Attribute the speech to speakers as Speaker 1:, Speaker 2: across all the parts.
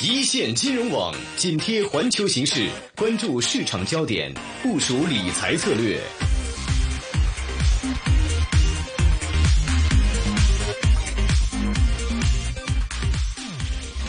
Speaker 1: 一線金融網緊貼環球形勢，關注市場焦點，部署理財策略。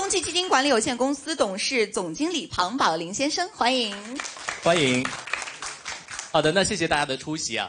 Speaker 2: 東驥基金管理有限公司董事、總經理龐寶林先生，歡迎，
Speaker 1: 歡迎。好的，那謝謝大家的出席啊。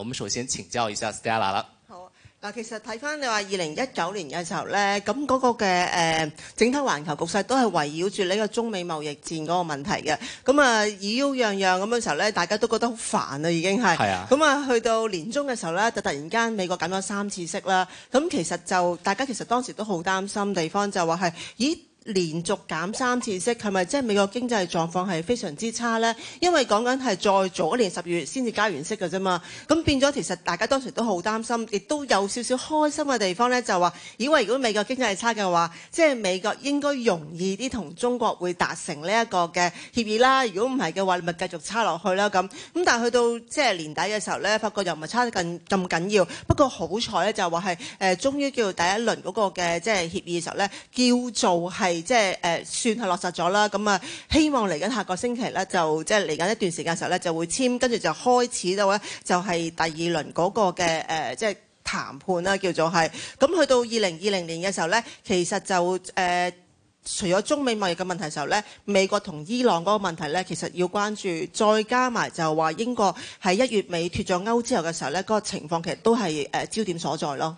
Speaker 1: 我們首先請教一下 Stella 啦。
Speaker 3: 好、啊、其實睇返你話二零一九年嘅時候呢，咁嗰個嘅誒、呃、整體環球局勢都係圍繞住呢個中美貿易戰嗰個問題嘅。咁啊，繞樣樣咁嘅時候呢，大家都覺得好煩啊，已經係。咁啊，啊，去到年中嘅時候呢，就突然間美國減咗三次息啦。咁其實就大家其實當時都好擔心地方就話係，咦連續減三次息，係咪即係美國經濟狀況係非常之差呢？因為講緊係再早一年十月先至加完息嘅啫嘛。咁變咗，其實大家當時都好擔心，亦都有少少開心嘅地方咧，就話，以為如果美國經濟差嘅話，即係美國應該容易啲同中國會達成呢一個嘅協議啦。如果唔係嘅話，你咪繼續差落去啦。咁咁，但係去到即係年底嘅時候咧，發覺又唔係差得咁咁緊要。不過好彩咧，就話係誒，終於叫第一輪嗰個嘅即係協議嘅時候咧，叫做係。係即係誒算係落實咗啦，咁啊希望嚟緊下個星期咧，就即係嚟緊一段時間時候咧，就會簽，跟住就開始到咧，就係第二輪嗰個嘅誒即係談判啦，叫做係。咁去到二零二零年嘅時候咧，其實就誒、呃、除咗中美貿易嘅問題嘅時候咧，美國同伊朗嗰個問題咧，其實要關注，再加埋就話英國喺一月尾脫咗歐之後嘅時候咧，嗰、那個情況其實都係誒焦點所在咯。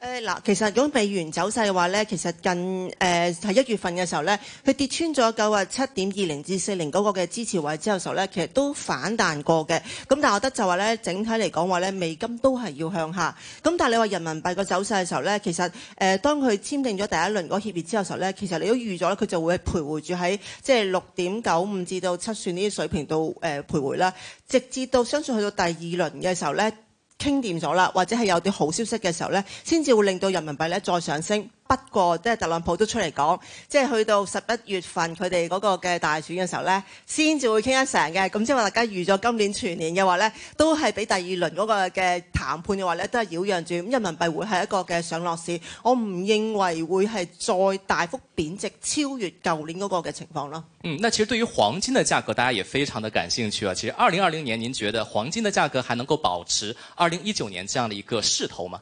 Speaker 3: 嗱、呃，其實如果美元走勢嘅話咧，其實近誒係一月份嘅時候咧，佢跌穿咗九日七點二零至四零嗰個嘅支持位之後嘅時候咧，其實都反彈過嘅。咁但係我覺得就話咧，整體嚟講話咧，美金都係要向下。咁但係你話人民幣個走勢嘅時候咧，其實誒、呃、當佢簽訂咗第一輪嗰協議之後時候咧，其實你都預咗佢就會徘徊住喺即係六點九五至到七算呢啲水平度誒、呃、徘徊啦，直至到相信去到第二輪嘅時候咧。傾掂咗啦，或者係有啲好消息嘅時候呢，先至會令到人民幣呢再上升。不過，即係特朗普都出嚟講，即係去到十一月份佢哋嗰個嘅大選嘅時候呢，先至會傾一成嘅。咁即係話大家預咗今年全年嘅話呢，都係俾第二輪嗰個嘅談判嘅話呢，都係擾攘住。咁人民幣會係一個嘅上落市，我唔認為會係再大幅貶值，超越舊年嗰個嘅情況咯。
Speaker 1: 嗯，那其實對於黃金的價格，大家也非常的感興趣啊。其實二零二零年，您覺得黃金的價格還能夠保持二零一九年這樣的一個勢頭嗎？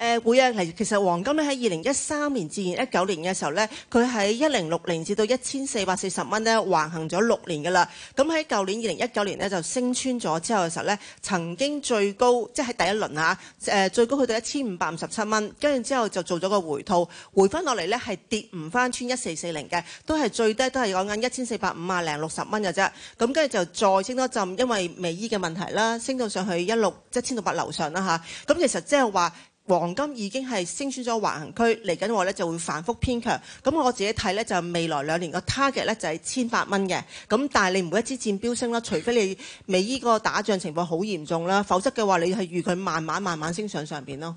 Speaker 3: 誒會啊，其實黃金咧，喺二零一三年至一九年嘅時候咧，佢喺一零六零至到一千四百四十蚊咧橫行咗六年噶啦。咁喺舊年二零一九年咧，就升穿咗之後嘅時候咧，曾經最高即係喺第一輪啊，誒最高去到一千五百五十七蚊，跟住之後就做咗個回吐，回翻落嚟咧，係跌唔翻穿一四四零嘅，都係最低都係講緊一千四百五啊零六十蚊嘅啫。咁跟住就再升多陣，因為美伊嘅問題啦，升到上去一六一千六百樓上啦吓，咁其實即係話。黃金已經係升穿咗橫行區，嚟緊話咧就會反覆偏強。咁我自己睇咧就未來兩年個 target 咧就係千八蚊嘅。咁但係你唔會一支箭飆升啦，除非你未呢個打仗情況好嚴重啦，否則嘅話你係預佢慢慢慢慢升上上邊咯。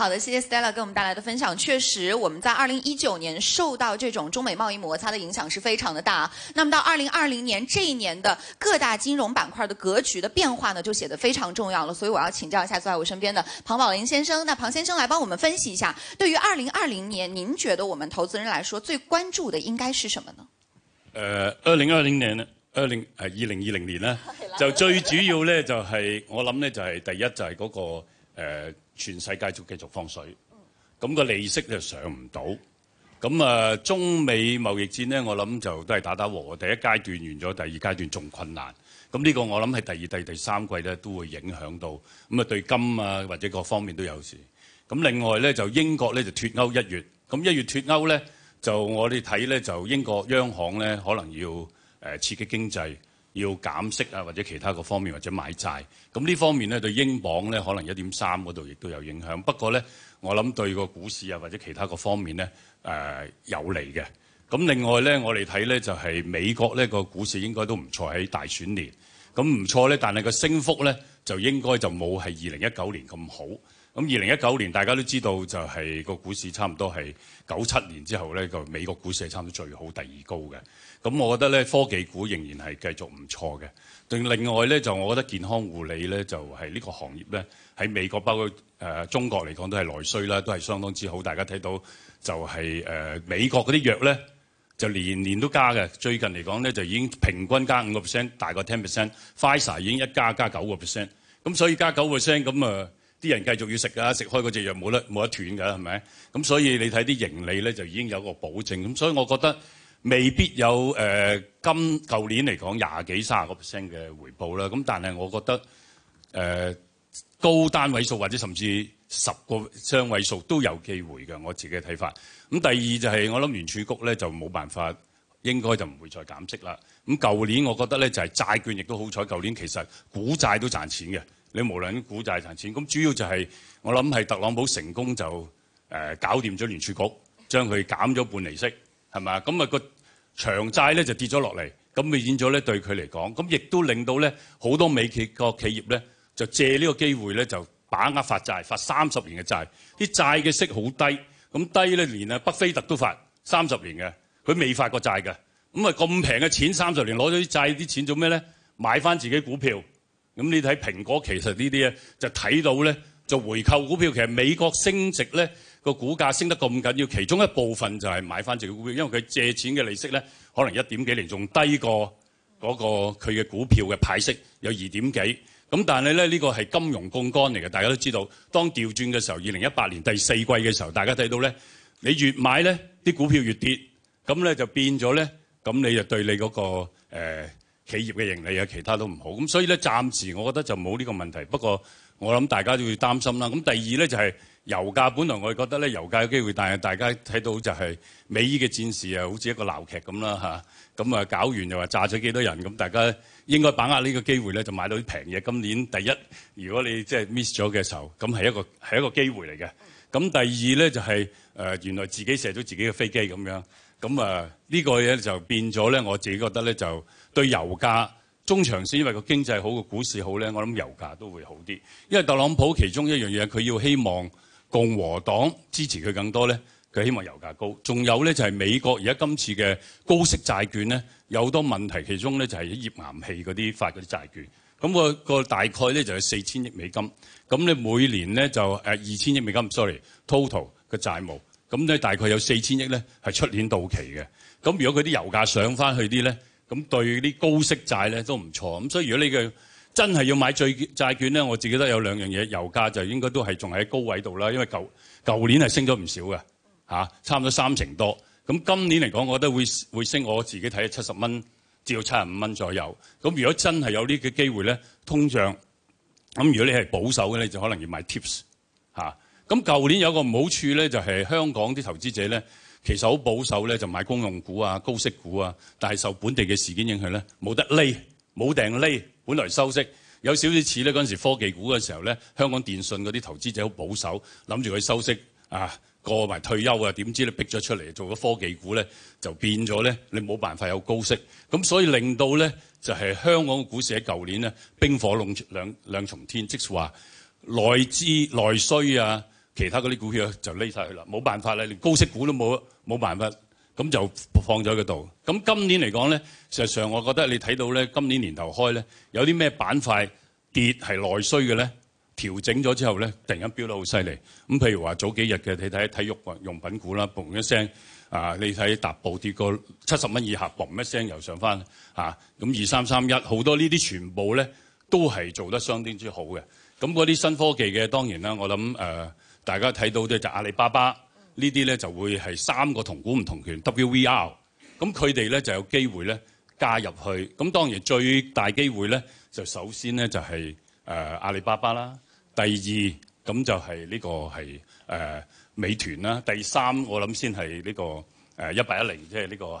Speaker 2: 好的，謝謝 Stella 給我們帶來的分享。確實，我們在二零一九年受到這種中美貿易摩擦的影響是非常的大。那麼到二零二零年這一年的各大金融板塊的格局的變化呢，就顯得非常重要了。所以我要請教一下坐在我身邊的龐寶林先生。那龐先生來幫我們分析一下，對於二零二零年，您覺得我們投資人來說最關注的應該是什麼呢？呃，
Speaker 4: 二零二零年，二零呃二零二零年呢，okay，就最主要呢就係、是、 我諗呢就係第一就係嗰、那個。誒，全世界仲繼續放水，咁個利息就上唔到，咁啊，中美貿易戰咧，我諗就都係打打和，第一階段完咗，第二階段仲困難，咁呢個我諗係第二、第第三季咧都會影響到，咁啊，對金啊或者各方面都有事，咁另外咧就英國咧就脫歐一月，咁一月脫歐咧就我哋睇咧就英國央行咧可能要誒刺激經濟。要減息啊，或者其他個方面或者買債，咁、呃、呢方面咧對英鎊咧可能一點三嗰度亦都有影響。不過咧，我諗對個股市啊或者其他個方面咧誒有利嘅。咁另外咧，我哋睇咧就係、是、美國呢個股市應該都唔錯喺大選年。咁唔錯咧，但係個升幅咧就應該就冇係二零一九年咁好。咁二零一九年大家都知道就係個股市差唔多係九七年之後咧，個美國股市係差唔多最好第二高嘅。咁我覺得咧，科技股仍然係繼續唔錯嘅。另另外咧，就我覺得健康護理咧就係、是、呢個行業咧喺美國包括、呃、中國嚟講都係內需啦，都係相當之好。大家睇到就係、是呃、美國嗰啲藥咧就年年都加嘅。最近嚟講咧就已經平均加五個 percent，大概 ten percent。Pfizer 已經一加加九個 percent。咁所以加九個 percent 咁啊啲人繼續要食啊！食開嗰隻藥冇得冇得斷㗎，係咪？咁所以你睇啲盈利咧就已經有個保證。咁所以我覺得未必有誒、呃、今舊年嚟講廿幾卅個 percent 嘅回報啦。咁但係我覺得誒、呃、高單位數或者甚至十個雙位數都有機會㗎。我自己嘅睇法。咁第二就係、是、我諗聯儲局咧就冇辦法，應該就唔會再減息啦。咁舊年我覺得咧就係、是、債券亦都好彩，舊年其實股債都賺錢嘅。你無論股債賺錢，咁主要就係、是、我諗係特朗普成功就誒、呃、搞掂咗聯儲局，將佢減咗半厘息，係咪啊？咁啊個長債咧就跌咗落嚟，咁咪演咗咧對佢嚟講，咁亦都令到咧好多美企個企業咧就借呢個機會咧就把握發債，發三十年嘅債，啲債嘅息好低，咁低咧連啊北菲特都發三十年嘅，佢未發過債嘅，咁啊咁平嘅錢三十年攞咗啲債啲錢做咩咧？買翻自己股票。咁你睇蘋果，其實呢啲咧就睇到咧，就回購股票。其實美國升值咧個股價升得咁緊要，其中一部分就係買返自己股票，因為佢借錢嘅利息咧可能一點幾年仲低過嗰、那個佢嘅股票嘅派息有二點幾。咁但係咧呢個係金融槓桿嚟嘅，大家都知道。當調轉嘅時候，二零一八年第四季嘅時候，大家睇到咧，你越買咧啲股票越跌，咁咧就變咗咧，咁你就對你嗰、那個、呃企業嘅盈利啊，其他都唔好，咁所以咧，暫時我覺得就冇呢個問題。不過，我諗大家都會擔心啦。咁第二咧就係、是、油價，本來我哋覺得咧油價有機會，但係大家睇到就係美伊嘅戰事啊，好似一個鬧劇咁啦吓，咁啊搞完又話炸咗幾多人，咁大家應該把握呢個機會咧，就買到啲平嘢。今年第一，如果你即係 miss 咗嘅時候，咁係一個係一個機會嚟嘅。咁第二咧就係、是、誒、呃、原來自己射咗自己嘅飛機咁樣，咁啊呢個嘢就變咗咧，我自己覺得咧就。對油價中長線，因為個經濟好，個股市好咧，我諗油價都會好啲。因為特朗普其中一樣嘢，佢要希望共和黨支持佢更多咧，佢希望油價高。仲有咧就係美國而家今次嘅高息債券咧，有好多問題，其中咧就係頁岩氣嗰啲發嗰啲債券。咁個個大概咧就有四千億美金。咁咧每年咧就誒二千億美金，sorry total 嘅債務。咁咧大概有四千億咧係出年到期嘅。咁如果佢啲油價上翻去啲咧，咁對啲高息債咧都唔錯，咁所以如果你嘅真係要買最債券咧，我自己都有兩樣嘢，油價就應該都係仲喺高位度啦，因為舊舊年係升咗唔少嘅，吓差唔多三成多。咁今年嚟講，我覺得會會升，我自己睇七十蚊至到七十五蚊左右。咁如果真係有呢個機會咧，通脹，咁如果你係保守嘅咧，你就可能要買 tips 吓。咁舊年有個個唔好處咧，就係香港啲投資者咧。其實好保守咧，就買公用股啊、高息股啊，但係受本地嘅事件影響咧，冇得匿，冇定匿，本來收息，有少少似咧嗰陣時科技股嘅時候咧，香港電信嗰啲投資者好保守，諗住佢收息啊，過埋退休啊，點知咧逼咗出嚟做咗科技股咧，就變咗咧，你冇辦法有高息，咁所以令到咧就係香港嘅股市喺舊年咧冰火兩兩兩重天，即係話內資內需啊。其他嗰啲股票就匿晒去啦，冇辦法啦，連高息股都冇冇辦法，咁就放咗喺度。咁今年嚟講咧，事實上我覺得你睇到咧，今年年頭開咧，有啲咩板塊跌係內需嘅咧，調整咗之後咧，突然間飆得好犀利。咁譬如話早幾日嘅你睇體育用品股啦，嘣一聲啊，你睇踏步跌過七十蚊以下，嘣、啊、一聲又上翻嚇。咁二三三一好多呢啲全部咧都係做得相當之好嘅。咁嗰啲新科技嘅當然啦，我諗誒。啊大家睇到即就是、阿里巴巴這些呢啲咧就會係三個同股唔同權 WVR，咁佢哋咧就有機會咧加入去。咁當然最大機會咧就首先咧就係、是、誒、呃、阿里巴巴啦，第二咁就係呢個係誒、呃、美團啦，第三我諗先係呢、這個誒一八一零，即係呢個係誒、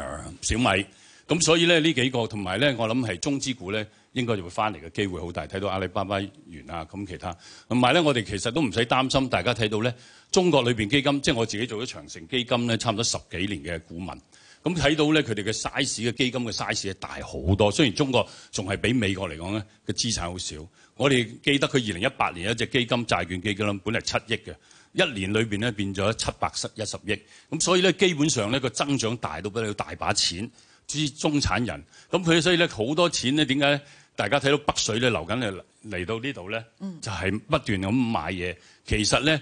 Speaker 4: 呃、小米。咁所以咧呢這幾個同埋咧我諗係中資股咧。應該就會翻嚟嘅機會好大，睇到阿里巴巴員啊，咁其他同埋咧，我哋其實都唔使擔心。大家睇到咧，中國裏面基金，即係我自己做咗長城基金咧，差唔多十幾年嘅股民，咁、嗯、睇到咧佢哋嘅 size 嘅基金嘅 size 係大好多。雖然中國仲係比美國嚟講咧嘅資產好少，我哋記得佢二零一八年有一隻基金債券基金啦，本嚟七億嘅，一年裏面咧變咗七百一十億，咁、嗯、所以咧基本上咧個增長大到俾你大把錢，至中產人咁佢、嗯、所以咧好多錢咧點解咧？大家睇到北水咧流緊嚟嚟到呢度咧，就係、是、不斷咁買嘢。其實咧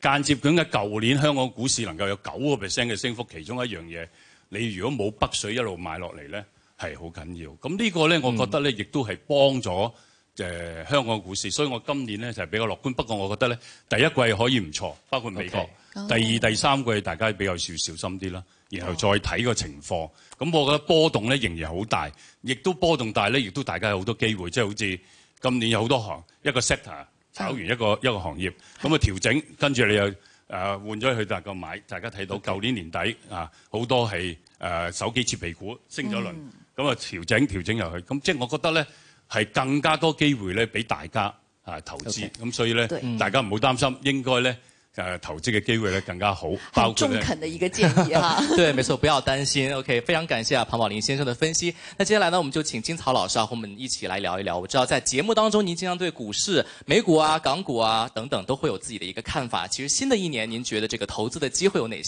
Speaker 4: 間接講嘅，舊年香港股市能夠有九個 percent 嘅升幅，其中一樣嘢，你如果冇北水一路買落嚟咧，係好緊要。咁呢個咧，我覺得咧、嗯，亦都係幫咗、呃、香港股市。所以我今年咧就係、是、比較樂觀。不過我覺得咧，第一季可以唔錯，包括美國。Okay. Okay. 第二、第三個大家比較少小心啲啦，然後再睇個情況。咁、oh. 我覺得波動咧仍然好大，亦都波動大咧，亦都大家有好多機會。即、就、係、是、好似今年有好多行一個 sector 炒完一個、yeah. 一個行業，咁、yeah. 啊調整，跟住你又、呃、換咗去大個買。大家睇到舊年年底、okay. 啊，好多係、呃、手機設備股升咗輪，咁、mm. 啊調整調整入去。咁即係我覺得咧係更加多機會咧俾大家啊投資。咁、okay. 所以咧，okay. 大家唔好擔心，mm. 應該咧。呃，投資嘅機會呢更加好，包括中肯嘅
Speaker 2: 一個建議哈。
Speaker 4: 對，沒錯，不要擔心。OK，
Speaker 1: 非常感謝啊，龐寶林先生嘅分析。那接下來呢，我們就請金草老師啊，和我們一起來聊一聊。我知道在節目當中，您經常對股市、美股啊、港股啊等等都會有自己的一個看法。其實新的一年，您覺得這個投資嘅機會有咩呢？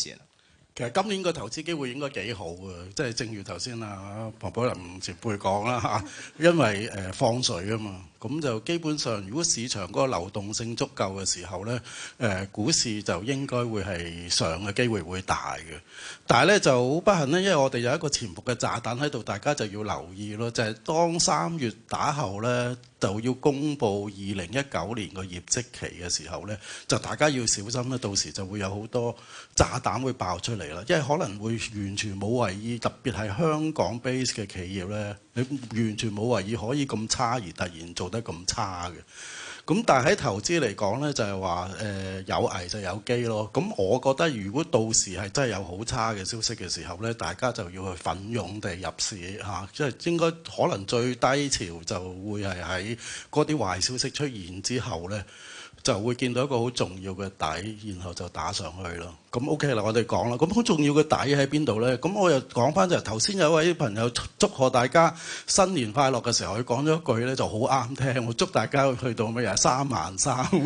Speaker 1: 其
Speaker 5: 實今年個投資機會應該幾好嘅、就是、啊，即係正如頭先啊龐寶林前輩講啦，因為、呃、放水啊嘛。咁就基本上，如果市場嗰個流動性足夠嘅時候咧，誒、呃、股市就應該會係上嘅機會會大嘅。但係咧就好不幸咧，因為我哋有一個潛伏嘅炸彈喺度，大家就要留意咯。就係、是、當三月打後咧，就要公布二零一九年嘅業績期嘅時候咧，就大家要小心啦。到時就會有好多炸彈會爆出嚟啦，因為可能會完全冇為意，特別係香港 base 嘅企業咧，你完全冇為意可以咁差而突然做。得咁差嘅，咁但係喺投資嚟講呢，就係話誒有危就有機咯。咁我覺得如果到時係真係有好差嘅消息嘅時候呢，大家就要去奮勇地入市嚇，即、啊、係、就是、應該可能最低潮就會係喺嗰啲壞消息出現之後呢。就會見到一個好重要嘅底，然後就打上去咯。咁 OK 啦，我哋講啦。咁好重要嘅底喺邊度呢？咁我又講翻就頭先有位朋友祝賀大家新年快樂嘅時候，佢講咗一句呢就好啱聽。我祝大家去到咩呀三萬三。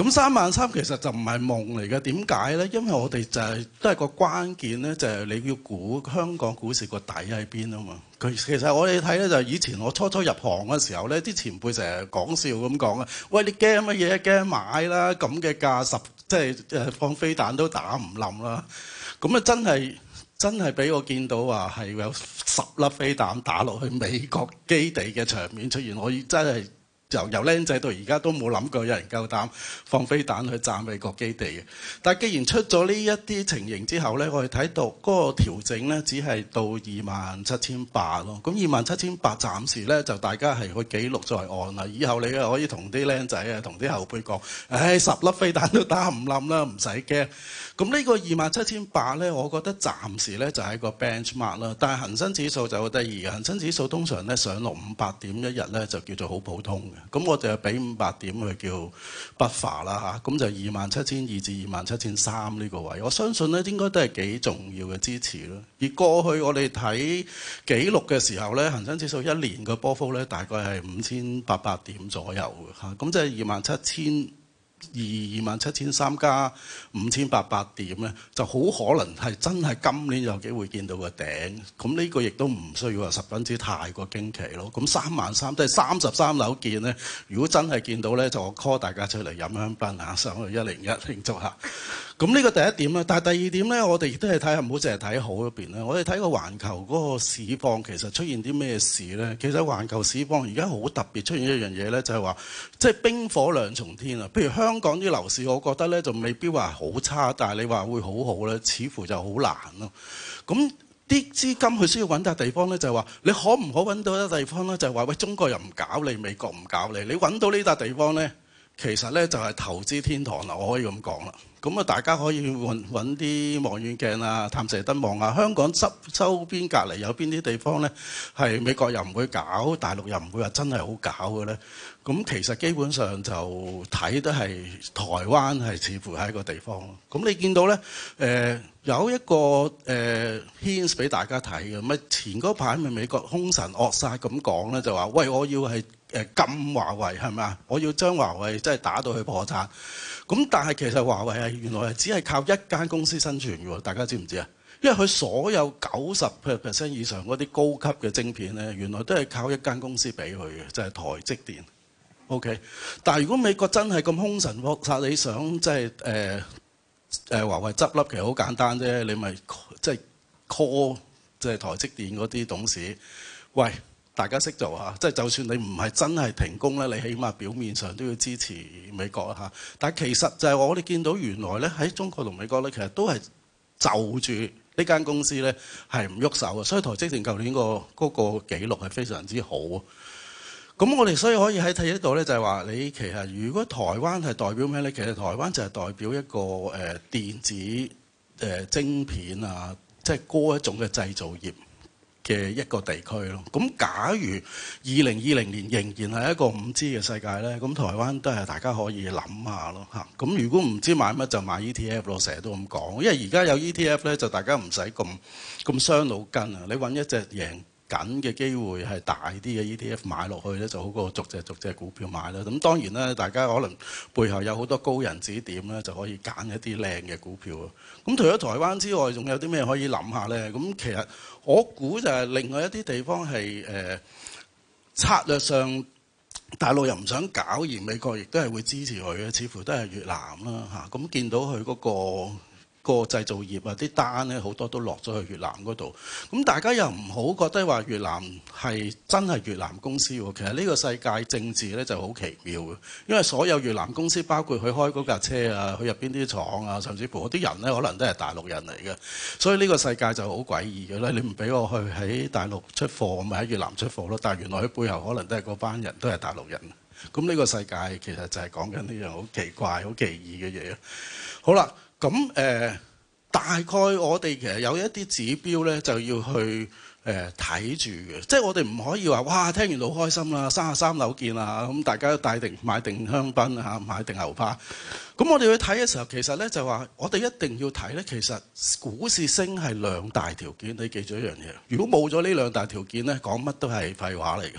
Speaker 5: 咁三萬三其實就唔係夢嚟嘅，點解咧？因為我哋就係都係個關鍵咧，就係你要估香港股市個底喺邊啊嘛。佢其實我哋睇咧就係以前我初初入行嘅時候咧，啲前輩成日講笑咁講啊。喂，你驚乜嘢？驚買啦，咁嘅價十即係誒放飛彈都打唔冧啦。咁啊真係真係俾我見到話係有十粒飛彈打落去美國基地嘅場面出現，我真係～由由僆仔到而家都冇諗過有人夠膽放飛彈去炸美國基地嘅。但係既然出咗呢一啲情形之後咧，我哋睇到嗰個調整咧，只係到二萬七千八咯。咁二萬七千八暫時咧就大家係個記錄在案啦。以後你可以同啲僆仔啊、同啲後輩講：唉、哎，十粒飛彈都打唔冧啦，唔使驚。咁呢個二萬七千八咧，我覺得暫時咧就係個 bench mark 啦。但係恆生指數就好得意，恒生指數通常咧上落五百點一日咧就叫做好普通嘅。咁我就係俾五百點佢叫 buffer 啦嚇，咁就二萬七千二至二萬七千三呢個位，我相信咧應該都係幾重要嘅支持咯。而過去我哋睇紀錄嘅時候咧，恒生指數一年嘅波幅咧大概係五千八百點左右嚇，咁即係二萬七千。二二萬七千三加五千八百點咧，就好可能係真係今年有機會見到個頂。咁呢個亦都唔需要話十分之太過驚奇咯。咁三萬三都係三十三樓見咧，如果真係見到咧，就我 call 大家出嚟飲香檳啊，上去1010做一零一慶祝下。 咁呢個第一點啦，但第二點呢，我哋亦都係睇下唔好淨係睇好嗰邊咧。我哋睇個環球嗰個市況其實出現啲咩事呢？其實環球市況而家好特別出現一樣嘢呢，就係話即係冰火兩重天啊！譬如香港啲樓市，我覺得呢就未必話好差，但係你話會好好呢，似乎就好難咯。咁啲資金佢需要揾笪地方呢，就係話你可唔可揾到一笪地方呢？就係話喂，中國人唔搞你，美國唔搞你，你揾到呢笪地方呢。其實咧就係投資天堂啦，我可以咁講啦。咁啊，大家可以揾揾啲望遠鏡啊、探射燈望下香港周周邊隔離有邊啲地方呢？係美國又唔會搞，大陸又唔會話真係好搞嘅呢。咁其實基本上就睇都係台灣係似乎係一個地方。咁你見到呢，誒、呃、有一個誒 hint 俾大家睇嘅，咪前嗰排咪美國兇神惡煞咁講呢，就話喂我要係。誒禁華為係咪？我要將華為真係打到佢破產。咁但係其實華為係原來係只係靠一間公司生存嘅喎，大家知唔知啊？因為佢所有九十 percent 以上嗰啲高級嘅晶片咧，原來都係靠一間公司俾佢嘅，即係台積電。OK，但係如果美國真係咁兇神惡煞，你想即係誒誒華為執笠，其實好簡單啫，你咪即係 call 即係台積電嗰啲董事，喂。大家識做嚇，即係就算你唔係真係停工咧，你起碼表面上都要支持美國啦嚇。但係其實就係我哋見到原來咧，喺中國同美國咧，其實都係就住呢間公司咧係唔喐手嘅，所以台積電舊年個嗰個記錄係非常之好。咁我哋所以可以喺睇呢度咧，就係話你其實如果台灣係代表咩咧？其實台灣就係代表一個誒電子誒晶片啊，即係嗰一種嘅製造業。嘅一個地區咯，咁假如二零二零年仍然係一個五 G 嘅世界呢，咁台灣都係大家可以諗下咯嚇。咁如果唔知買乜就買 ETF 咯，成日都咁講，因為而家有 ETF 呢，就大家唔使咁咁傷腦筋啊。你揾一隻贏緊嘅機會係大啲嘅 ETF 買落去呢，就好過逐隻逐隻股票買啦。咁當然啦，大家可能背後有好多高人指點咧，就可以揀一啲靚嘅股票啊。咁除咗台灣之外，仲有啲咩可以諗下呢？咁其實我估就係另外一啲地方係誒、呃、策略上，大陸又唔想搞，而美國亦都係會支持佢嘅，似乎都係越南啦嚇。咁、啊、見到佢嗰，那個。個製造業啊，啲單咧好多都落咗去越南嗰度。咁大家又唔好覺得話越南係真係越南公司喎。其實呢個世界政治咧就好奇妙嘅，因為所有越南公司，包括佢開嗰架車啊，佢入邊啲廠啊，甚至乎啲人咧，可能都係大陸人嚟嘅。所以呢個世界就好詭異嘅咧。你唔俾我去喺大陸出貨，我咪喺越南出貨咯。但係原來佢背後可能都係嗰班人都係大陸人。咁呢個世界其實就係講緊呢樣好奇怪、好奇異嘅嘢。好啦。咁誒，大概我哋其實有一啲指標咧，就要去誒睇住嘅，即係我哋唔可以話哇，聽完好開心啦，三十三樓見啦，咁大家都帶定買定香檳啊，買定牛扒。咁我哋去睇嘅時候，其實咧就話，我哋一定要睇咧，其實股市升係兩大條件，你記住一樣嘢。如果冇咗呢兩大條件咧，講乜都係廢話嚟嘅。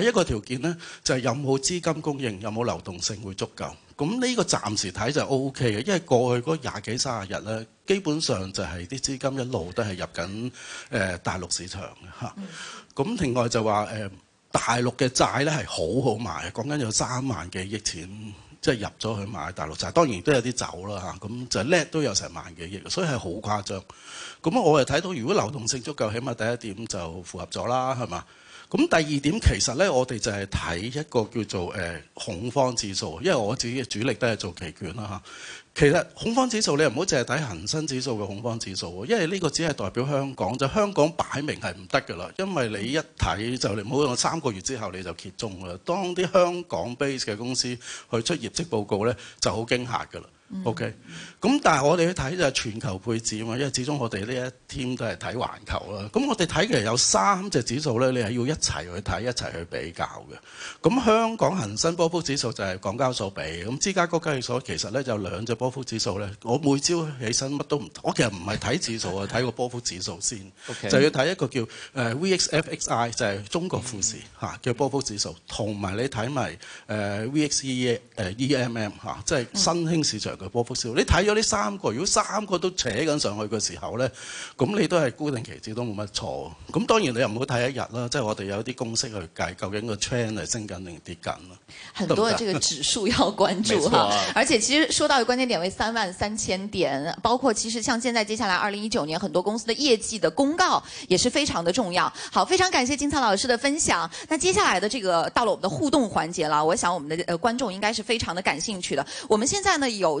Speaker 5: 第一個條件咧，就係有冇資金供應，有冇流動性會足夠。咁、這、呢個暫時睇就 OK 嘅，因為過去嗰廿幾三十日咧，基本上就係啲資金一路都係入緊大陸市場嚇。咁、嗯、另外就話大陸嘅債咧係好好賣，講緊有三萬幾億錢即係、就是、入咗去買大陸債，當然都有啲走啦嚇。咁就叻都有成萬幾億，所以係好誇張。咁我係睇到如果流動性足夠，起碼第一點就符合咗啦，係咪？咁第二點其實呢，我哋就係睇一個叫做誒恐慌指數，因為我自己嘅主力都係做期權啦吓。其實恐慌指數你唔好淨係睇恒生指數嘅恐慌指數，因為呢個只係代表香港，就香港擺明係唔得㗎啦。因為你一睇，就你唔好用三個月之後你就揭盅㗎啦。當啲香港 base 嘅公司去出業績報告呢，就好驚嚇㗎啦。O.K. 咁但係我哋去睇就係全球配置啊嘛，因為始終我哋呢一 team 都係睇環球啦。咁我哋睇其實有三隻指數咧，你係要一齊去睇，一齊去比較嘅。咁香港恒生波幅指數就係港交所畀，咁芝加哥交易所其實咧就兩隻波幅指數咧，我每朝起身乜都唔同。我其實唔係睇指數啊，睇個波幅指數先，OK，就要睇一個叫 VXFXI 就係中國富士、mm -hmm. 叫波幅指數，同埋你睇埋 VXE EMM 即係新興市場。Mm -hmm. 嘅波幅少，你睇咗呢三個，如果三個都扯緊上去嘅時候呢，咁你都係固定期指都冇乜錯。咁當然你又唔好睇一日啦，即、就、係、是、我哋有啲公式去計究竟個趨勢係升緊定跌緊啦。很多嘅這個指數
Speaker 2: 要關注哈、 啊，而且其實說到的關鍵點位三萬三千點，包括其實像現在，接下來二零一九年很多公司的業績的公告也是非常的重要。好，非常感謝金策老師的分享。那接下來的這個到了我們的互動環節啦，我想我們的觀眾應該是非常的感興趣的。我們現在呢有。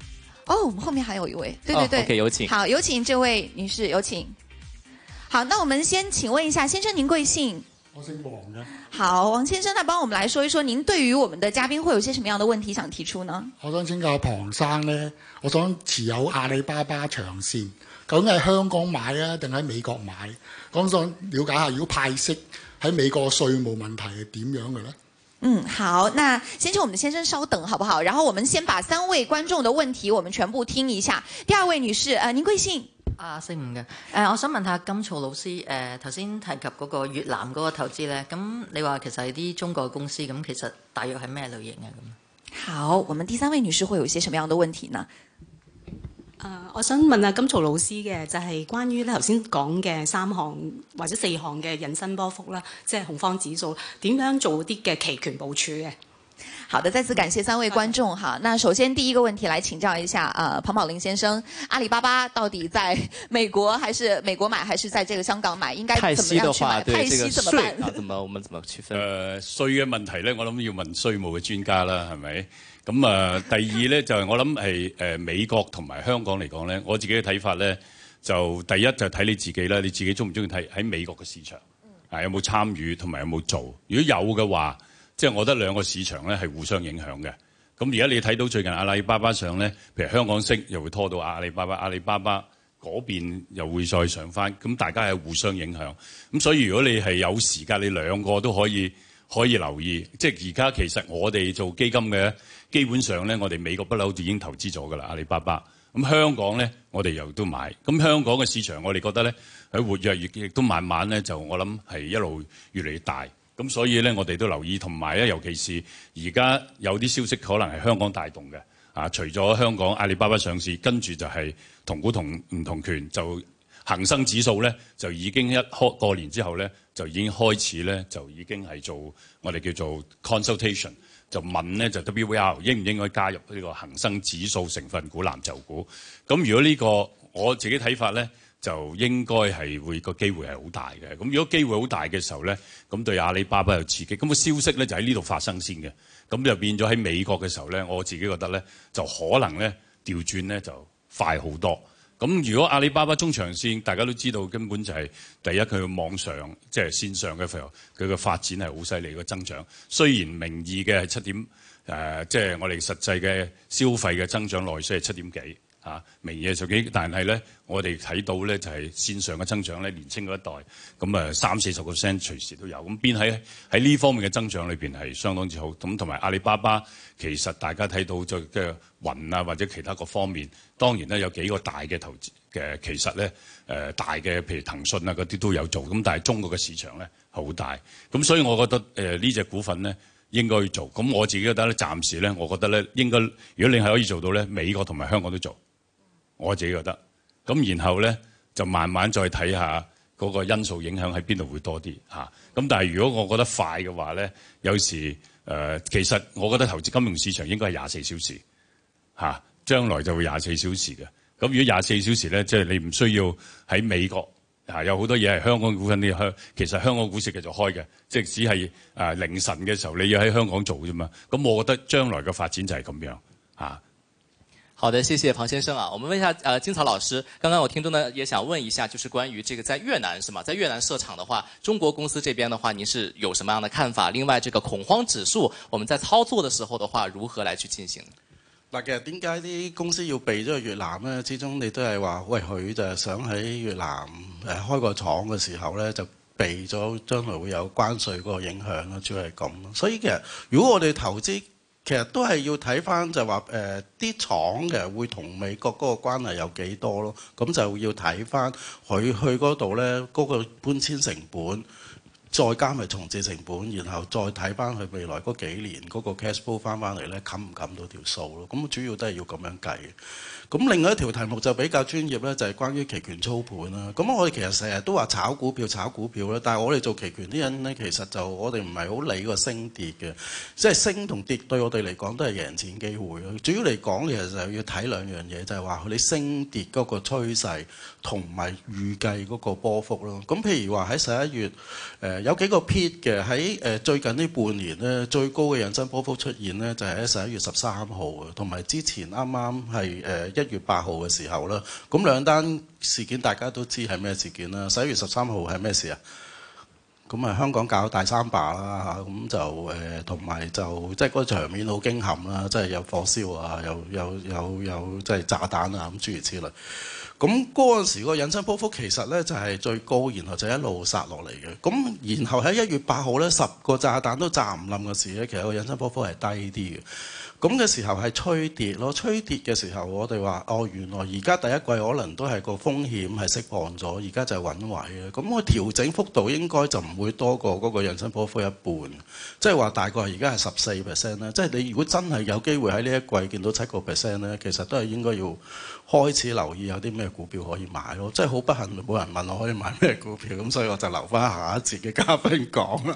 Speaker 2: 哦，我們後面還有一位，對對對，oh, okay, 有請，好，有請這位女士，有請。好，那我們先請問一下，先生您貴姓？
Speaker 1: 我姓王嘅。
Speaker 2: 好，王先生，那幫我們來說一說，您對於我們的嘉賓會有些什麼樣的問題想提出呢？
Speaker 1: 我想請教龐生呢。我想持有阿里巴巴長線，究竟喺香港買啊，定喺美國買？我想了解下，如果派息喺美國稅務問題係點樣嘅咧？
Speaker 2: 嗯，好，那先請我們先生稍等，好不好？然後我們先把三位觀眾的問題，我們全部聽一下。第二位女士，呃，您貴姓？啊，姓吳嘅。誒、呃，我想問下金草老師，誒、呃，頭先提及嗰個越南嗰個投資呢。咁你話其實係啲中國公司，咁其實大約係咩類型啊？咁好，我們第三位女士會有些什麼樣的問題呢？呃、我想問下、啊、金曹老師嘅就係、是、關於你頭先講嘅三項
Speaker 3: 或者四項嘅引伸波幅啦，即係紅方指數，點樣做啲嘅期權部署
Speaker 2: 嘅？好的，再次感謝三位觀眾哈、嗯。那首先第一個問題來請教一下，啊龐寶林先生，阿里巴巴到底在美國還是美國買，還是在這個香港買，應該怎麼樣去買？泰西的話，對怎麼，辦、這個稅、
Speaker 4: 怎麼我們怎麼區分？呃、稅嘅問題呢，我諗要問稅務嘅專家啦，係咪？咁啊、呃，第二呢， 就係我諗係誒美國同埋香港嚟講呢，我自己嘅睇法呢，就第一就睇你自己啦，你自己中唔中意睇喺美國嘅市場，嗯、啊有冇參與同埋有冇做？如果有嘅話。即係我覺得兩個市場咧係互相影響嘅。咁而家你睇到最近阿里巴巴上咧，譬如香港升，又會拖到阿里巴巴，阿里巴巴嗰邊又會再上返。咁大家係互相影響。咁所以如果你係有時間，你兩個都可以可以留意。即係而家其實我哋做基金嘅，基本上咧，我哋美國不嬲都已經投資咗㗎啦阿里巴巴。咁香港咧，我哋又都買。咁香港嘅市場我哋覺得咧係活躍，亦亦都慢慢咧就我諗係一路越嚟越大。咁所以咧，我哋都留意，同埋咧，尤其是而家有啲消息可能係香港帶動嘅啊。除咗香港阿里巴巴上市，跟住就係同股同唔同權，就恒生指數咧，就已經一開過年之後咧，就已經開始咧，就已經係做我哋叫做 consultation，就問咧就 WVR 應唔應該加入呢個恒生指數成分股藍籌股？咁如果呢個我自己睇法咧，就應該係會個機會係好大嘅，咁如果機會好大嘅時候咧，咁對阿里巴巴有刺激，咁個消息咧就喺呢度發生先嘅，咁就變咗喺美國嘅時候咧，我自己覺得咧就可能咧調轉咧就快好多。咁如果阿里巴巴中長線，大家都知道根本就係、是、第一佢網上即係、就是、線上嘅時候，佢嘅發展係好犀利，個增長雖然名義嘅係七點誒，即、呃、係、就是、我哋實際嘅消費嘅增長內需係七點幾。啊、明名嘢就幾，但係咧，我哋睇到咧就係、是、線上嘅增長咧，年輕嗰一代，咁誒三四十個 percent 隨時都有，咁邊喺喺呢方面嘅增長裏面係相當之好，咁同埋阿里巴巴其實大家睇到就嘅雲啊或者其他個方面，當然咧有幾個大嘅投資嘅，其實咧、呃、大嘅譬如騰訊啊嗰啲都有做，咁但係中國嘅市場咧好大，咁所以我覺得呢隻、呃這個、股份咧應該要做，咁我自己覺得咧暫時咧，我覺得咧應該，如果你係可以做到咧，美國同埋香港都做。我自己覺得，咁然後咧就慢慢再睇下嗰個因素影響喺邊度會多啲嚇。咁，但係如果我覺得快嘅話咧，有時誒，其實我覺得投資金融市場應該係廿四小時嚇，將來就會廿四小時嘅。咁，如果廿四小時咧，即係你唔需要喺美國嚇，有好多嘢係香港股份你香，其實香港股市繼續開嘅，即係只係啊凌晨嘅時候你要喺香港做啫嘛。咁我覺得將來嘅發展就係咁樣嚇。好的，謝謝龐先
Speaker 1: 生啊。我們問一下，呃，金草老師，剛剛我聽眾呢也想問一下，就是關於這個在越南是嗎？在越南設廠的話，中國公司這邊的話，您是有什麼樣的看法？另外，這個恐慌指數我們在操作的時候的話，如何來去進行？
Speaker 5: 那其實點解啲公司要避咗越南呢？始終你都係話，喂，佢就係想喺越南誒開個廠嘅時候咧，就避咗將來會有關稅嗰個影響咯，主要係咁咯。所以其實如果我哋投資。其實都係要睇翻就話誒啲廠嘅會同美國嗰個關係有幾多咯，咁就要睇翻佢去嗰度咧，嗰個搬遷成本。再加埋重置成本，然後再睇翻佢未來嗰幾年嗰個 cash flow 翻翻嚟呢，冚唔冚到條數咯。咁主要都係要咁樣計。咁另外一條題目就比較專業呢，就係關於期權操盤啦。咁我哋其實成日都話炒股票炒股票啦，但係我哋做期權啲人呢，其實就我哋唔係好理個升跌嘅，即係升同跌對我哋嚟講都係贏錢機會。主要嚟講，其實就要睇兩樣嘢，就係話佢你升跌嗰個趨勢。同埋預計嗰個波幅咯。咁譬如話喺十一月，誒、呃、有幾個撇嘅喺誒最近呢半年咧最高嘅人生波幅出現咧就係喺十一月十三號嘅，同埋之前啱啱係誒一月八號嘅時候啦。咁兩單事件大家都知係咩事件啦。十一月十三號係咩事啊？咁啊香港搞大三罷啦嚇，咁就誒同埋就即係嗰場面好驚撼啦，即、就、係、是、有火燒啊，有有有有即係、就是、炸彈啊咁諸如此類。咁嗰陣時個引伸波幅其實咧就係最高，然後就一路殺落嚟嘅。咁然後喺一月八號咧十個炸彈都炸唔冧嘅時咧，其實個引伸波幅係低啲嘅。咁嘅時候係吹跌咯，吹跌嘅時候我哋話哦，原來而家第一季可能都係個風險係釋放咗，而家就係穩位嘅。咁我調整幅度應該就唔會多過嗰個人生波幅一半，即係話大概而家係十四 percent 咧。即係你如果真係有機會喺呢一季見到七個 percent 咧，其實都係應該要開始留意有啲咩股票可以買咯。即係好不幸冇人問我可以買咩股票，咁所以我就留翻下，下一節嘅嘉賓講啦。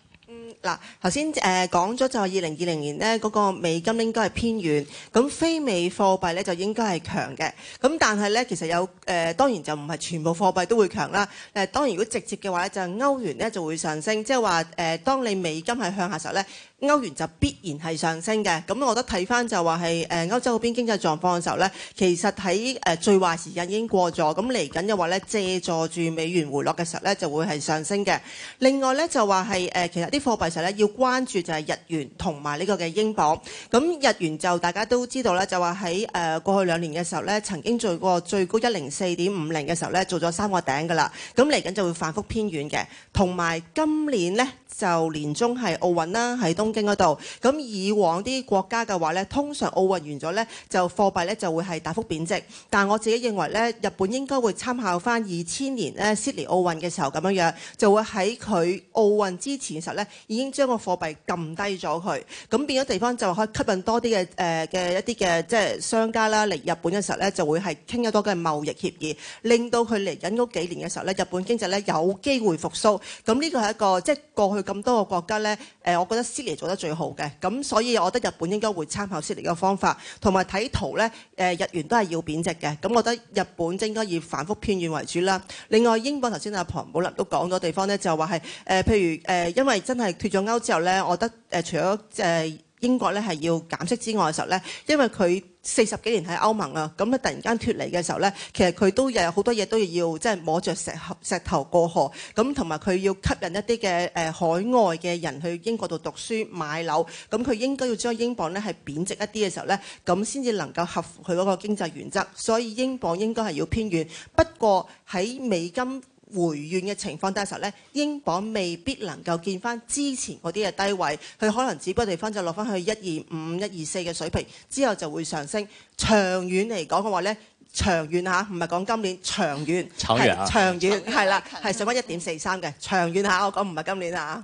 Speaker 3: 嗱，頭先誒講咗就係二零二零年咧，嗰個美金應該係偏軟，咁非美貨幣咧就應該係強嘅。咁但係咧，其實有誒，當然就唔係全部貨幣都會強啦。誒，當然如果直接嘅話咧，就歐元咧就會上升，即係話誒，當你美金係向下時候咧。歐元就必然係上升嘅，咁我覺得睇翻就話係誒歐洲嗰邊經濟狀況嘅時候咧，其實喺誒最壞時間已經過咗，咁嚟緊嘅話咧，借助住美元回落嘅時候咧，就會係上升嘅。另外咧就話係誒，其實啲貨幣時候咧要關注就係日元同埋呢個嘅英鎊。咁日元就大家都知道呢，就話喺誒過去兩年嘅時候咧，曾經做過最高一零四點五零嘅時候咧，做咗三個頂噶啦。咁嚟緊就會反覆偏軟嘅。同埋今年咧就年中係奧運啦，係東度，咁以往啲國家嘅話咧，通常奧運完咗咧，就貨幣咧就會係大幅貶值。但係我自己認為咧，日本應該會參考翻二千年咧悉尼奧運嘅時候咁樣樣，就會喺佢奧運之前嘅時候咧，已經將個貨幣撳低咗佢。咁變咗地方就可以吸引多啲嘅誒嘅一啲嘅即係商家啦嚟日本嘅時候咧，就會係傾得多嘅貿易協議，令到佢嚟緊嗰幾年嘅時候咧，日本經濟咧有機會復甦。咁呢個係一個即係、就是、過去咁多個國家咧，我覺得悉尼，做得最好嘅，所以我覺得日本應該會參考先嚟嘅方法，同埋睇圖呢日元都係要貶值嘅，我覺得日本應該以反覆偏軟為主啦。另外英國頭先阿龐寶林都講咗地方呢，就話係誒，譬如、呃、因為真係脱咗歐之後呢，我覺得除咗、呃、英國呢係要減息之外嘅時候呢，因為佢。四十幾年喺歐盟啊，咁咧突然間脱離嘅時候呢，其實佢都有好多嘢都要，即係摸着石石頭過河。咁同埋佢要吸引一啲嘅誒海外嘅人去英國度讀書、買樓。咁佢應該要將英鎊呢係貶值一啲嘅時候呢，咁先至能夠合乎佢嗰個經濟原則。所以英鎊應該係要偏軟。不過喺美金。回軟嘅情況，但係時候呢，英鎊未必能夠見翻之前嗰啲嘅低位，佢可能只不過地方就落翻去一二五、一二四嘅水平，之後就會上升。長遠嚟講，的話呢，長遠嚇，唔係講今年，長遠，長遠係、啊、啦，係上翻一點四三嘅。長遠，長遠，
Speaker 2: 是的長遠下
Speaker 3: 我講唔係今年嚇。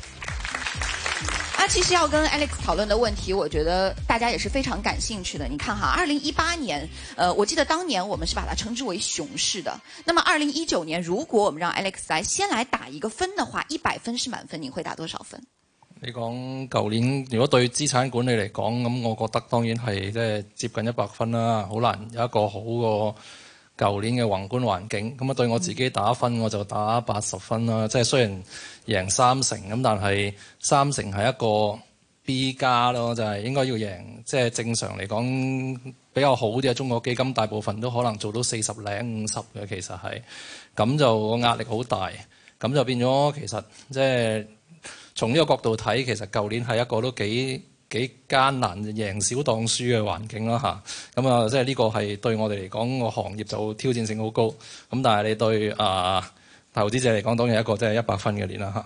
Speaker 2: 其實要跟 Alex 討論的問題，我覺得大家也是非常感興趣的。你看哈，二零一八年，呃，我記得當年我們是把它稱之為熊市的。那麼二零一九年，如果我們讓 Alex 來先來打一個分的話，一百分是滿分，你會打多少分？
Speaker 6: 你講舊年，如果對資產管理嚟講，咁我覺得當然係即係接近一百分啦，好難有一個好嘅。舊年嘅宏觀環境，咁啊對我自己打分，我就打八十分啦。即係雖然贏三成咁，但係三成係一個 B 加咯，就係應該要贏。即係正常嚟講比較好啲嘅中國基金，大部分都可能做到四十零五十嘅，其實係咁就壓力好大。咁就變咗其實即係從呢個角度睇，其實舊年係一個都幾。幾艱難，贏少當輸嘅環境啦吓，咁啊，即係呢個係對我哋嚟講個行業就挑戰性好高，咁但係你對啊、呃、投資者嚟講當然一個即係一百分嘅年啦吓。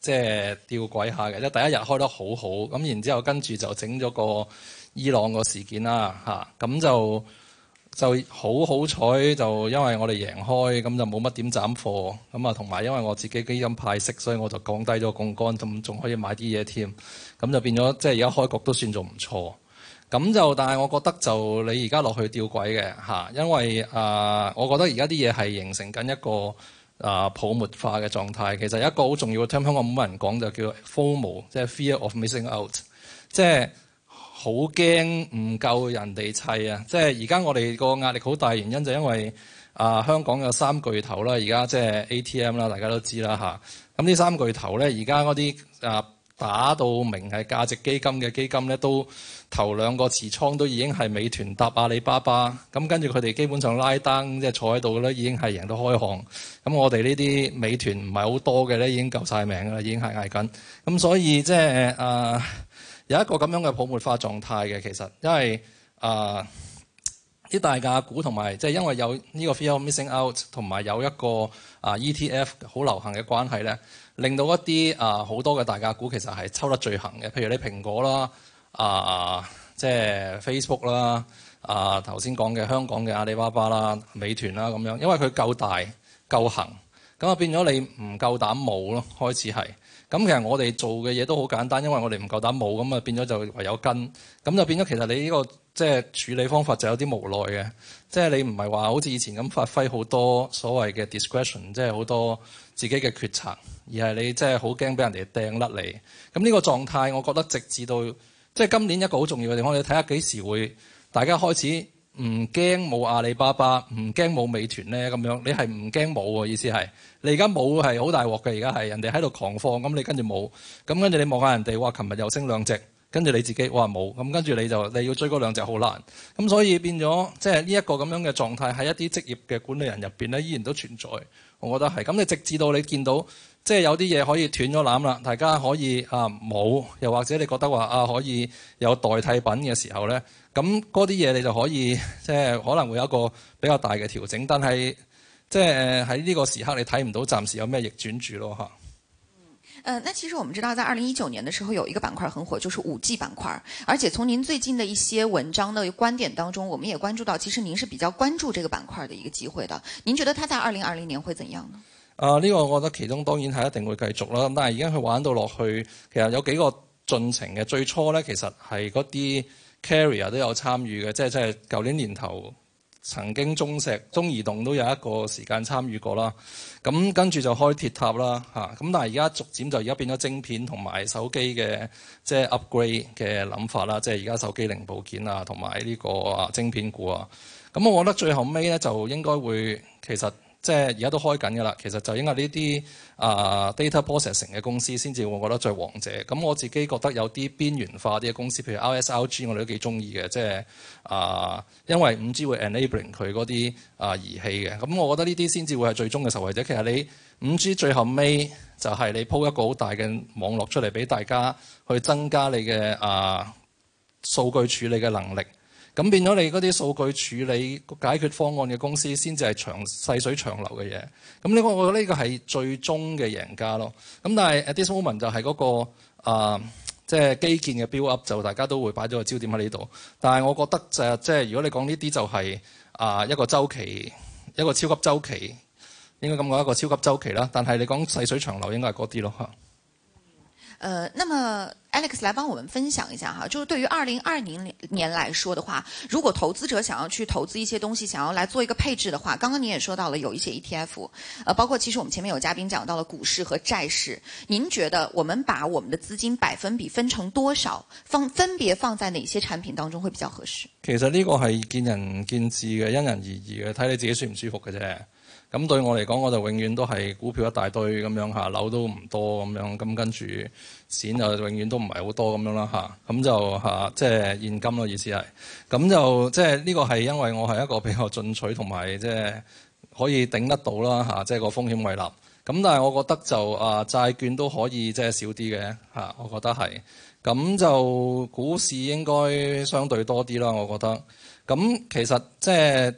Speaker 6: 即、就、係、是、吊詭下嘅，即第一日開得好好，咁然之後跟住就整咗個伊朗個事件啦，嚇、啊、咁就就好好彩，就因為我哋贏開，咁就冇乜點斬貨，咁啊同埋因為我自己基金派息，所以我就降低咗槓桿，咁仲可以買啲嘢添，咁、啊、就變咗即係而家開局都算做唔錯，咁就但係我覺得就你而家落去吊詭嘅嚇，因為啊，我覺得而家啲嘢係形成緊一個。啊，泡沫化嘅狀態，其實一個好重要嘅，聽香港冇人講就叫 fomo，即係 fear of missing out，即係好驚唔夠人哋砌啊！即係而家我哋個壓力好大，原因就因為啊，香港有三巨頭啦，而家即係 ATM 啦，大家都知啦吓，咁、啊、呢三巨頭咧，而家嗰啲啊～打到明係價值基金嘅基金咧，都頭兩個持倉都已經係美團搭阿里巴巴，咁跟住佢哋基本上拉單即係坐喺度咧，已經係贏到開行。咁我哋呢啲美團唔係好多嘅咧，已經夠晒命啦，已經係嗌緊。咁所以即係啊，有一個咁樣嘅泡沫化狀態嘅，其實因為啊啲、呃、大價股同埋即係因為有呢個 feel missing out 同埋有一個啊 ETF 好流行嘅關係咧。令到一啲啊好多嘅大價股其實係抽得最行嘅，譬如你蘋果啦啊，即、呃、係、就是、Facebook 啦啊，頭先講嘅香港嘅阿里巴巴啦、美團啦咁樣，因為佢夠大夠行，咁啊變咗你唔夠膽冇咯，開始係。咁其實我哋做嘅嘢都好簡單，因為我哋唔夠膽冇，咁啊變咗就唯有跟，咁就變咗其實你呢個即係處理方法就有啲無奈嘅，即係你唔係話好似以前咁發揮好多所謂嘅 discretion，即係好多自己嘅決策，而係你即係好驚俾人哋掟甩你，咁呢個狀態我覺得直至到即係今年一個好重要嘅地方，你睇下幾時會大家開始。唔驚冇阿里巴巴，唔驚冇美團呢。咁樣，你係唔驚冇喎意思係，你而家冇係好大鑊嘅，而家係人哋喺度狂放，咁你跟住冇，咁跟住你望下人哋，話琴日又升兩隻，跟住你自己，哇，冇，咁跟住你就你要追嗰兩隻好難，咁所以變咗即係呢一個咁樣嘅狀態喺一啲職業嘅管理人入邊咧，依然都存在，我覺得係。咁你直至到你見到即係、就是、有啲嘢可以斷咗攬啦，大家可以啊冇，又或者你覺得話啊可以有代替品嘅時候咧？咁嗰啲嘢，你就可以即係可能會有一個比較大嘅調整，但係即係喺呢個時刻，你睇唔到暫時有咩逆轉住咯？吓，嗯，
Speaker 2: 誒，那其實我們知道，在二零一九年嘅時候，有一個板塊很火，就是五 G 板塊。而且從您最近的一些文章的觀點當中，我們也關注到，其實您是比較關注這個板塊的一個機會的。您覺得它在二零二零年會怎樣
Speaker 6: 呢？啊，呃，呢個我覺得其中當然係一定會繼續啦。但係而家佢玩到落去，其實有幾個進程嘅。最初咧，其實係嗰啲。Carrier 都有參與嘅，即係即係舊年年頭曾經中石、中移動都有一個時間參與過啦。咁跟住就開鐵塔啦，嚇。咁但係而家逐漸就而家變咗晶片同埋手機嘅即係 upgrade 嘅諗法啦，即係而家手機零部件啊，同埋呢個啊晶片股啊。咁我覺得最後尾咧就應該會其實。即係而家都在開緊嘅啦，其實就應該呢啲啊 data processing 嘅公司先至會覺得最王者。咁我自己覺得有啲邊緣化啲嘅公司，譬如 RSLG，我哋都幾中意嘅。即係啊，因為五 G 會 enabling 佢嗰啲啊儀器嘅。咁我覺得呢啲先至會係最終嘅受惠者。其實你五 G 最後尾就係你鋪一個好大嘅網絡出嚟俾大家去增加你嘅啊數據處理嘅能力。咁變咗你嗰啲數據處理解決方案嘅公司才是，先至係長細水長流嘅嘢。咁呢個我覺得呢個係最終嘅贏家咯。咁但係 this woman 就係嗰、那個啊，即、就、係、是、基建嘅 build up，就大家都會擺咗個焦點喺呢度。但係我覺得、啊、就即、是、係如果你講呢啲就係、是、啊一個週期一個超級週期，應該咁講一個超級週期啦。但係你講細水長流，應該係嗰啲咯嚇。
Speaker 2: 呃，那麼 Alex 來幫我們分享一下哈，就是對於二零二零年來說的話，如果投資者想要去投資一些東西，想要來做一個配置的話，剛剛您也說到了有一些 ETF，呃，包括其實我們前面有嘉賓講到了股市和債市，您覺得我們把我們的資金百分比分成多少，放分別放在哪些產品當中會比較合適？
Speaker 6: 其實呢個係見仁見智嘅，因人而異嘅，睇你自己舒唔舒服嘅啫。咁對我嚟講，我就永遠都係股票一大堆咁樣嚇，樓都唔多咁樣，咁跟住錢就永遠都唔係好多咁樣啦，咁就、啊、即係現金嘅意思係。咁就即係呢個係因為我係一個比較進取同埋即係可以頂得到啦，即係個風險位立。咁但係我覺得就啊債券都可以即係少啲嘅，我覺得係。咁就股市應該相對多啲啦，我覺得。咁其實即係。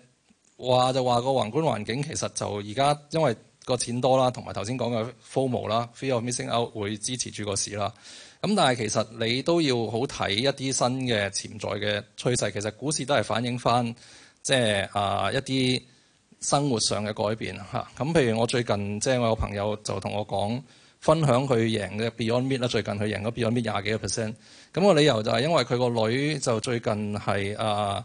Speaker 6: 話就話個宏觀環境其實就而家因為個錢多啦，同埋頭先講嘅 FOMO 啦 Fear of Missing Out 會支持住個市啦。咁但係其實你都要好睇一啲新嘅潛在嘅趨勢。其實股市都係反映翻即係啊一啲生活上嘅改變嚇。咁譬如我最近即係我有朋友就同我講，分享佢贏嘅 Beyond Meat 啦，最近佢贏咗 Beyond Meat 廿幾個 percent。咁個理由就係因為佢個女就最近係啊。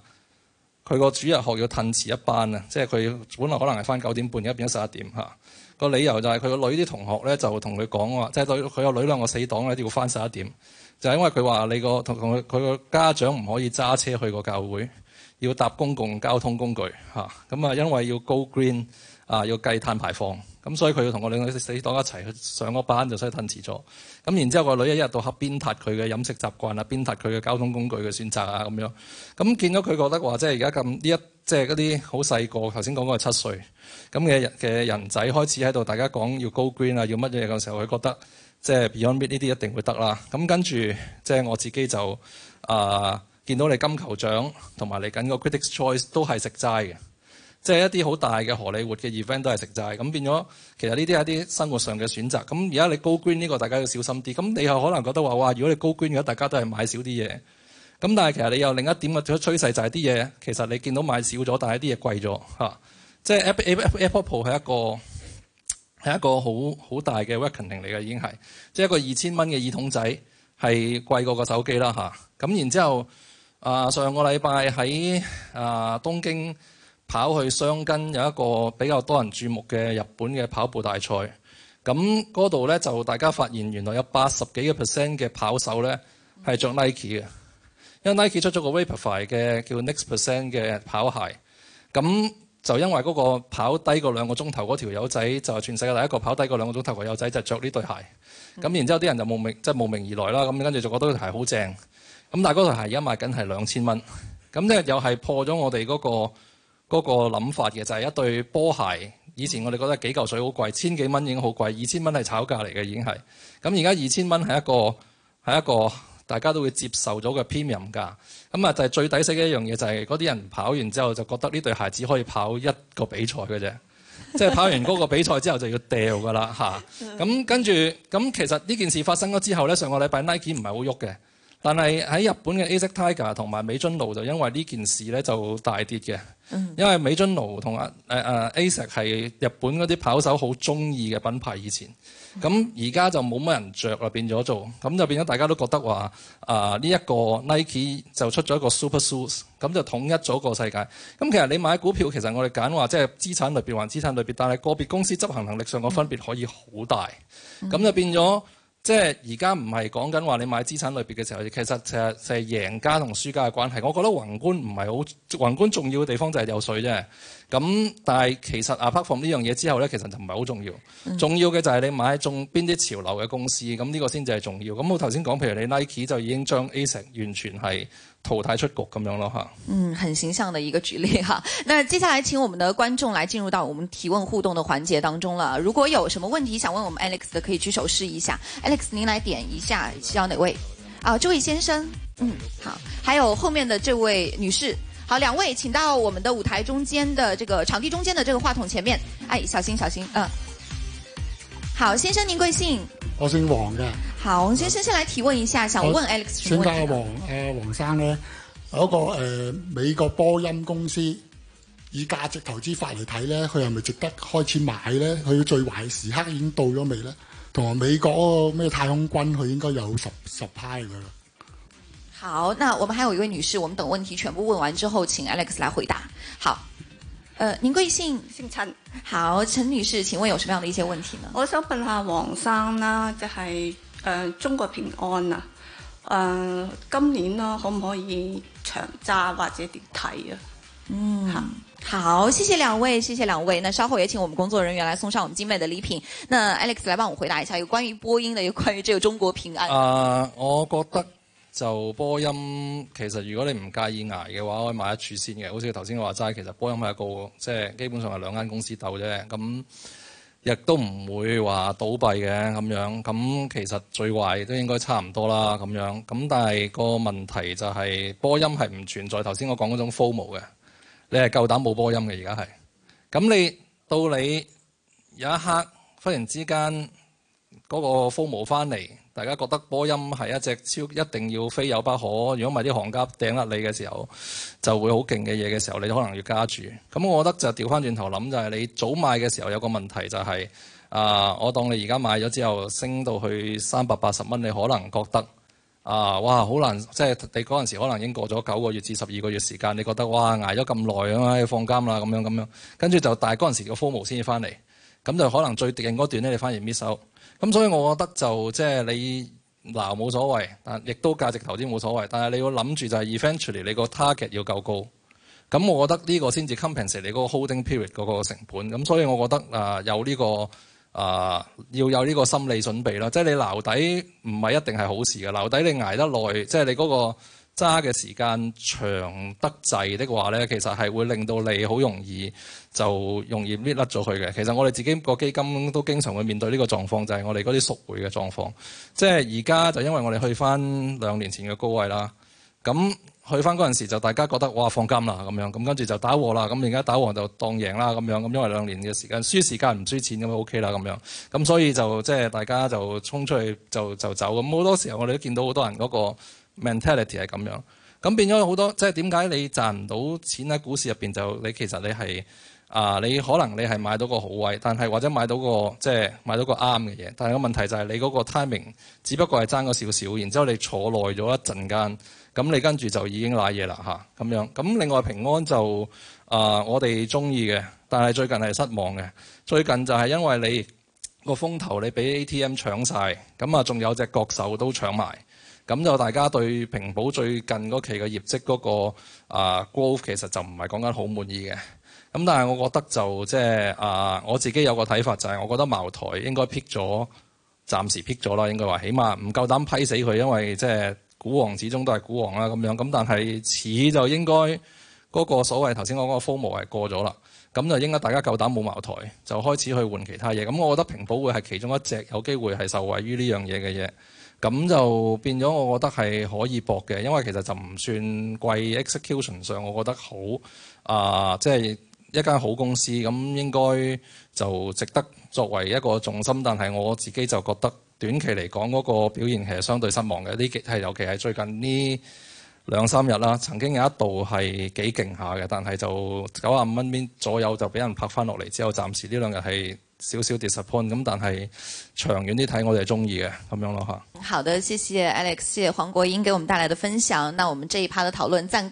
Speaker 6: 佢個主日學要褪遲一班啊，即係佢本來可能係翻九點半，而家變咗十一點嚇。個、啊、理由就係佢個女啲同學咧就同佢講話，即係對佢個女兩個死黨咧要翻十一點，就係、是、因為佢話你個同同佢佢個家長唔可以揸車去個教會，要搭公共交通工具嚇。咁啊，因為要 go green 啊，要計碳排放。咁所以佢要同個兩個死黨一齊去上個班，就所以褪遲咗。咁然之後個女一日到黑，鞭撻佢嘅飲食習慣啊，鞭撻佢嘅交通工具嘅選擇啊，咁樣。咁見到佢覺得話，即係而家咁呢一，即係嗰啲好細個。頭先講嗰個七歲咁嘅嘅人仔，開始喺度大家講要 go green 啊，要乜嘢嘅時候，佢覺得即係 Beyond Meat 呢啲一定會得啦。咁跟住即係我自己就啊、呃，見到你金球獎同埋嚟緊個 critics choice 都係食齋嘅。即係一啲好大嘅荷里活嘅 event 都係食齋，咁變咗其實呢啲係一啲生活上嘅選擇。咁而家你 Go Green 呢個，大家要小心啲。咁你又可能覺得話：哇，如果你 Go Green，而家大家都係買少啲嘢。咁但係其實你又另一點嘅趨勢就係啲嘢其實你見到買少咗，但係啲嘢貴咗嚇、啊。即係 App, App, App, Apple 係一個係一個好好大嘅 marketing 嚟嘅，已經係即係一個二千蚊嘅耳筒仔係貴過個手機啦吓，咁、啊、然之後啊、呃，上個禮拜喺啊東京。跑去箱根有一個比較多人注目嘅日本嘅跑步大賽，咁嗰度咧就大家發現原來有八十幾個 percent 嘅跑手咧係着 Nike 嘅，因為 Nike 出咗個 Vaporfly 嘅叫 Next Percent 嘅跑鞋，咁就因為嗰個跑低過兩個鐘頭嗰條友仔就係、是、全世界第一個跑低過兩個鐘頭嘅友仔就着呢對鞋，咁、嗯、然之後啲人就慕名即係、就是、慕名而來啦，咁跟住就覺得對鞋好正，咁但係嗰對鞋而家賣緊係兩千蚊，咁咧又係破咗我哋嗰、那個。嗰、個諗法嘅就係一對波鞋，以前我哋覺得幾嚿水好貴，千幾蚊已經好貴，二千蚊係炒價嚟嘅已經係。咁而家二千蚊係一個係一個大家都會接受咗嘅 Premium 價。咁啊就係最抵死嘅一樣嘢，就係，就係嗰啲人跑完之後就覺得呢對鞋只可以跑一個比賽嘅啫，
Speaker 5: 即 係跑完嗰個
Speaker 6: 比賽之後就要掉㗎啦嚇。咁跟住咁其實呢件事發生咗之後咧，上個禮拜 Nike 唔係好喐嘅。但係喺日本嘅 Asics Tiger 同埋美津奴就因為呢件事咧就大跌嘅，因為美津奴同啊誒誒 Asics 係日本嗰啲跑手好鍾意嘅品牌以前，咁而家就冇乜人着啦，變咗做，咁就變咗大家都覺得話啊呢一個 Nike 就出咗一個 Super Shoes 咁就統一咗個世界。咁其實你買股票，其實我哋揀話即係資產類別還資產類別，但係個別公司執行能力上嘅分別可以好大，咁、嗯、就變咗。即係而家唔係講緊話你買資產類別嘅時候，其實就係贏家同輸家嘅關係。我覺得宏觀唔係好，宏觀重要嘅地方就係有水啫。咁但係其實阿 Platform 呢樣嘢之後咧，其實就唔係好重要。重要嘅就係你買中邊啲潮流嘅公司，咁呢個先至係重要。咁我頭先講，譬如你 Nike 就已經將 Asics 完全係淘汰出局咁樣咯吓，嗯，
Speaker 2: 很形象的一個舉例哈。那接下來請我們的觀眾來進入到我們提問互動的環節當中啦。如果有什麼問題想問我們 Alex 的，可以舉手示意一下。Alex，您來點一下，需要哪位？啊，這位先生，嗯，好。還有後面的這位女士。好，兩位請到我們的舞台中間的這個場地中間的這個話筒前面。哎，小心，小心，嗯。好，先生您貴姓？
Speaker 1: 我姓黃嘅。
Speaker 2: 好，王先生先來提問一下，想問 Alex 問先，王、呃、王先生
Speaker 1: 呢。姓啊黃啊黃生咧，有個誒美國波音公司，以價值投資法嚟睇咧，佢係咪值得開始買咧？佢最壞嘅時刻已經到咗未咧？同埋美國嗰個咩太空軍，佢應該有十十派噶啦。
Speaker 2: 好，那我們還有一位女士，我們等問題全部問完之後，請 Alex 來回答。好，呃，您貴姓？姓陳。好，陳女士，請問有什麼樣的一些問題呢？我想問下黃生啦，即係呃中國平安啊，呃今年呢可唔可以長揸或者點睇啊？嗯，好，好，謝謝兩位，謝謝兩位。那稍後也請我們工作人員來送上我們精美的禮品。那 Alex 來幫我回答一下有關於波音的，有關於這個中國平安。呃，
Speaker 6: 我覺得。嗯就波音，其實如果你唔介意捱嘅話，可以買一柱先嘅。好似頭先我話齋，其實波音係一個即係基本上係兩間公司鬥啫。咁亦都唔會話倒閉嘅咁樣。咁其實最壞都應該差唔多啦咁樣。咁但係個問題就係、是、波音係唔存在頭先我講嗰種 FOMO 嘅。你係夠膽冇波音嘅而家係。咁你到你有一刻忽然之間嗰、那個 FOMO 翻嚟。大家覺得波音係一隻超一定要非有不可，如果唔係啲行家頂甩你嘅時候，就會好勁嘅嘢嘅時候，你可能要加住。咁我覺得就調翻轉頭諗就係、是、你早買嘅時候有個問題就係、是、啊，我當你而家買咗之後升到去三百八十蚊，你可能覺得啊，哇，好難！即、就、係、是、你嗰陣時可能已經過咗九個月至十二個月時間，你覺得哇，挨咗咁耐咁樣要放監啦咁樣咁樣，跟住就但嗰陣時個 formal 先至翻嚟，咁就可能最勁嗰段咧你反而 miss 收。咁所以我覺得就即係、就是、你撈冇所謂，但亦都價值投資冇所謂。但係你要諗住就係 eventually 你個 target 要夠高。咁我覺得呢個先至 compensate 你嗰個 holding period 嗰個成本。咁所以我覺得啊、呃、有呢、這個啊、呃、要有呢個心理準備啦。即、就、係、是、你撈底唔係一定係好事嘅。撈底你捱得耐，即、就、係、是、你嗰、那個。揸嘅時間長得滯的話咧，其實係會令到你好容易就容易搣甩咗佢嘅。其實我哋自己個基金都經常會面對呢個狀況，就係、是、我哋嗰啲贖回嘅狀況。即係而家就因為我哋去翻兩年前嘅高位啦，咁去翻嗰陣時候就大家覺得哇放監啦咁樣，咁跟住就打和啦，咁而家打和就當贏啦咁樣，咁因為兩年嘅時間輸時間唔輸錢咁咪 OK 啦咁樣。咁所以就即係大家就衝出去就就走，咁好多時候我哋都見到好多人嗰、那個。mentality 係咁樣，咁變咗好多。即係點解你賺唔到錢喺股市入邊就？就你其實你係啊、呃，你可能你係買到個好位，但係或者買到個即係買到個啱嘅嘢。但係個問題就係、係、你嗰個 timing 只不過係爭咗少少，然之後你坐耐咗一陣間，咁你跟住就已經賴嘢啦吓，咁樣。咁另外平安就啊、呃，我哋中意嘅，但係最近係失望嘅。最近就係因為你個風頭你俾 ATM 搶晒，咁啊仲有一隻國壽都搶埋。咁就大家對平保最近嗰期嘅業績嗰個啊 growth 其實就唔係講緊好滿意嘅。咁但係我覺得就即係啊，我自己有個睇法就係，我覺得茅台應該撇咗，暫時撇咗啦，應該話，起碼唔夠膽批死佢，因為即係股王始終都係股王啦咁樣。咁但係似就應該嗰個所謂頭先我講嗰個 formula 係過咗啦。咁就應該大家夠膽冇茅台，就開始去換其他嘢。咁我覺得平保會係其中一隻有機會係受惠於呢樣嘢嘅嘢。咁就變咗，我覺得係可以搏嘅，因為其實就唔算貴。Execution 上，我覺得好啊，即係一間好公司，咁應該就值得作為一個重心。但係我自己就覺得短期嚟講嗰個表現其實相對失望嘅。呢幾係尤其係最近呢兩三日啦，曾經有一度係幾勁下嘅，但係就九十五蚊邊左右就俾人拍翻落嚟，之後暫時呢兩日係。少少 disappoint，咁但係長遠啲睇我哋係中意嘅咁樣咯吓。
Speaker 2: 好的，謝謝 Alex，謝謝黃國英給我們帶來的分享。那我們這一 part 的討論暫。